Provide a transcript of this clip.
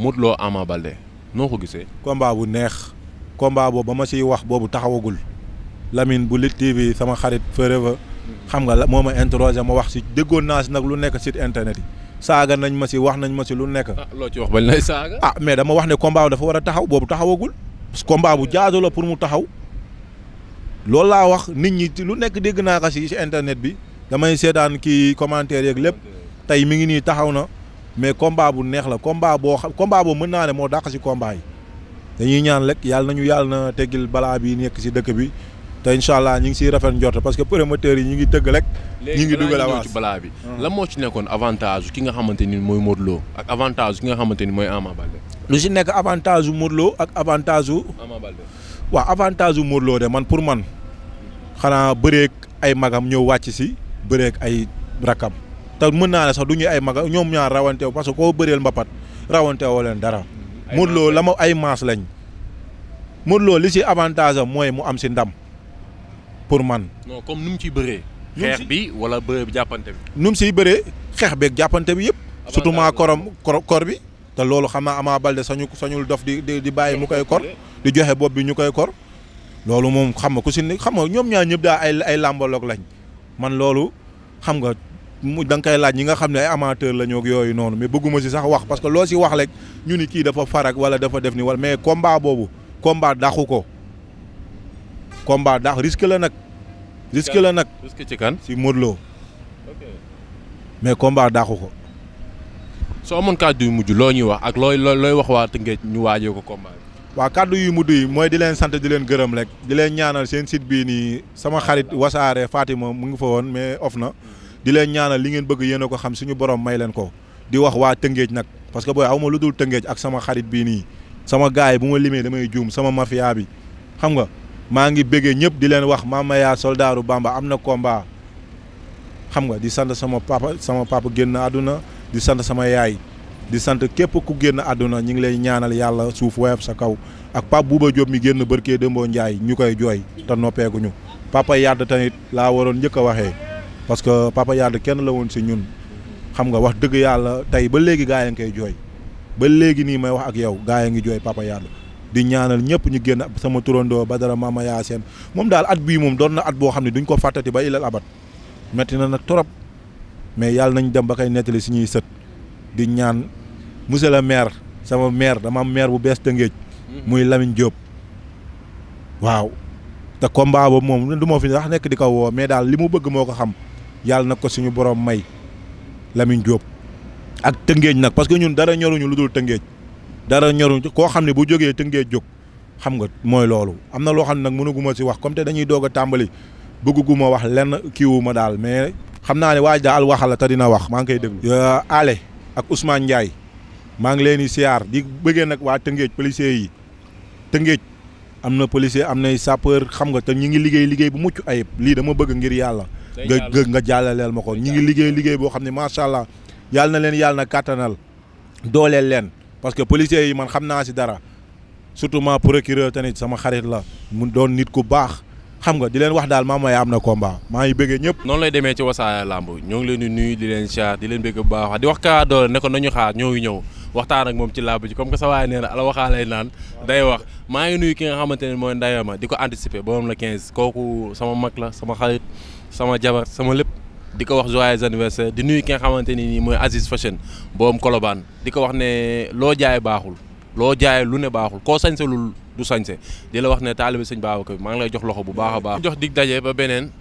Modou Lo Ama Baldé noo ko gisee. combat bu neex combat boobu ba ma siy wax boobu taxawagul Lamine bu Lutte TV sama xarit forever xam nga la moo ma interroger ma wax si déggoon naa si nag lu nekk si internet yi saaga nañ ma si wax nañ ma si lu nekk. ah loo ci wax bañ lay saaga. ah mais dama wax ne combat dafa war a taxaw boobu taxawagul. parce que bu jaadu la pour mu taxaw loolu laa wax nit ñi lu nekk dégg naa ko si si internet bi damay seetaan ki commentaire yeeg lépp tey mi ngi nii taxaw na. mais combat bu neex la combat boo xam combat boo mën naa ne moo dàq si combat yi dañuy ñaan lekk yàlla ñu yàlla na teggil balaa bi nekk ci dëkk bi te incha allah ñu ngi ciy rafet njort parce que promoteurs yi ñu ngi tëgg rek. ñu ngi dugal avance ci balaa bi. Hmm. lan moo ci nekkoon avantage ki nga xamante ni mooy Modou Lo ak avantage ki nga xamante ni mooy Ama Baldé. lu si nekk avantage u Modou ak avantage u. Ama Baldé avantage u Modou Lo de man pour man xanaa bëreek ay magam ñëw wàcc ci bëreeg ay rakam. te mën naa ne sax du ñu ay maga ñoom ñaar rawanteew parce que koo bëreel mbapat rawanteewoo leen dara. Modou Lo la ma ay maas lañ. Modou li si avantage mooy mu am si ndam pour man. non comme nu mu ciy bëree. xeex bi wala bëree jàppante bi. nu mu ciy bëree xeex jàppante bi yëpp. surtout maa korom kor bi. te loolu xam naa Ama Baldé sañu sañul dof di di bàyyi mu koy kor di joxe bopp bi ñu koy kor loolu moom xam nga ku si ne xam nga ñoom ñaar ñëpp daa ay ay làmbaloog lañ man loolu xam nga mu da nga laaj ñi nga xam ne ay amateur la ñoo yooyu noonu mais bëgguma si sax wax parce que loo si wax rek ñu ni kii dafa farak wala dafa def ni wala mais combat boobu komba daxu ko combat dax risque la nag. risque la nag risque ci kan si Modou mais combat daxu ko. soo amoon kàddu yu mujj loo ñuy wax ak looy looy wax waa Tëngéej ñu waajee ko combat waaw kàddu yu mujj yi mooy di leen sant di leen gërëm rek di leen ñaanal seen sit bii nii sama xarit wasaare Fatima mu ngi fa woon mais of na. di leen ñaanal li ngeen bëgg yéen a ko xam suñu borom may leen ko di wax waa tëngeej nag parce que booy aw ma lu dul tëngeej ak sama xarit bii nii sama gaay bu ma limee damay juum sama mafia bi xam nga maa ngi bëggee ñëpp di leen wax Mama Yaa soldaaru Bamba am na komba xam nga di sant sama papa sama papa génn àdduna di sant sama yaay di sant képp ku génn àdduna ñu ngi lay ñaanal yàlla suuf woyof sa kaw ak Pape Bouba Diop mi génn barkee Dembo Ndiaye ñu koy jooy te noppeeguñu papa yàdd laa waroon njëkk a waxee parce que Papa Yade kenn la woon si ñun xam nga wax dëgg yàlla tey ba léegi gaa yaa ngi koy jooy ba léegi nii may wax ak yow gaa yaa ngi jooy Papa Yade di ñaanal ñëpp ñu génn sama turandoo ba Badara Mama Yacine moom daal at bii moom doon na at boo xam ne duñ ko fàttati ba ilal abat metti na nag trop mais yàlla nañ dem ba koy nettali si ñuy sët di ñaan monsieur le maire sama maire dama am maire bu bees Tëngéej muy Lamine Diop waaw te combat ba moom du ma fi wax nekk di ko woo mais daal mu bëgg moo ko xam yàlla na ko suñu borom may Lamine jóob ak tëngéej nag parce que ñun dara ñoruñu lu dul tëngéej dara ñoruñu koo xam ne bu jógee tëngéej jóg xam nga mooy loolu am na loo xam ne nag mënuguma si wax comme te dañuy doog a tàmbali bëgguma wax lenn kiiwuma daal mais xam naa ne waaj daal waxal la te dina wax maa ngi koy déglu. Euh, Ale ak Ousmane Ndiaye maa ngi leen di siyaar di bëggee nag waa tëngéej policier yi tëngéej am na policier am nay sapeur xam nga te ñu ngi liggéey liggéey bu mucc ayib lii dama bëgg ngir yàlla. nga nga jàllaleel ma ko ñu ngi liggéey liggéey boo xam ne macha allah yàlla na leen yàlla kàttanal dooleel leen parce que policiers yi man xam naa si dara surtout ma procureur tamit sama xarit la mu doon nit ku baax xam nga di leen wax daal maam may am na combat maa ngi bëggee ñëpp. noonu lay demee ci wasaare làmb ñoo ngi leen di nuyu di leen siyaar di leen bëgg bu baax di wax kaa doole ne ko nañu xaar ñoo ñëw waxtaan ak moom ci làmb ji comme que sa waay nee na ala waxaa lay naan day wax maa ngi nuyu ki nga xamante ne mooy ndayama di ko anticiper borom la 15 kooku sama mag la sama xarit sama jabar sama lépp di ko wax joyeux anniversaire di nuyu ki nga xamante ni nii mooy Aziz Fashion boom Colobane di ko wax ne loo jaay baaxul loo jaay lu ne baaxul koo sañse lul du sañse di la wax ne taalibe sëñ Babacar maa ngi lay jox loxo bu baax a baax. jox dig daje ba beneen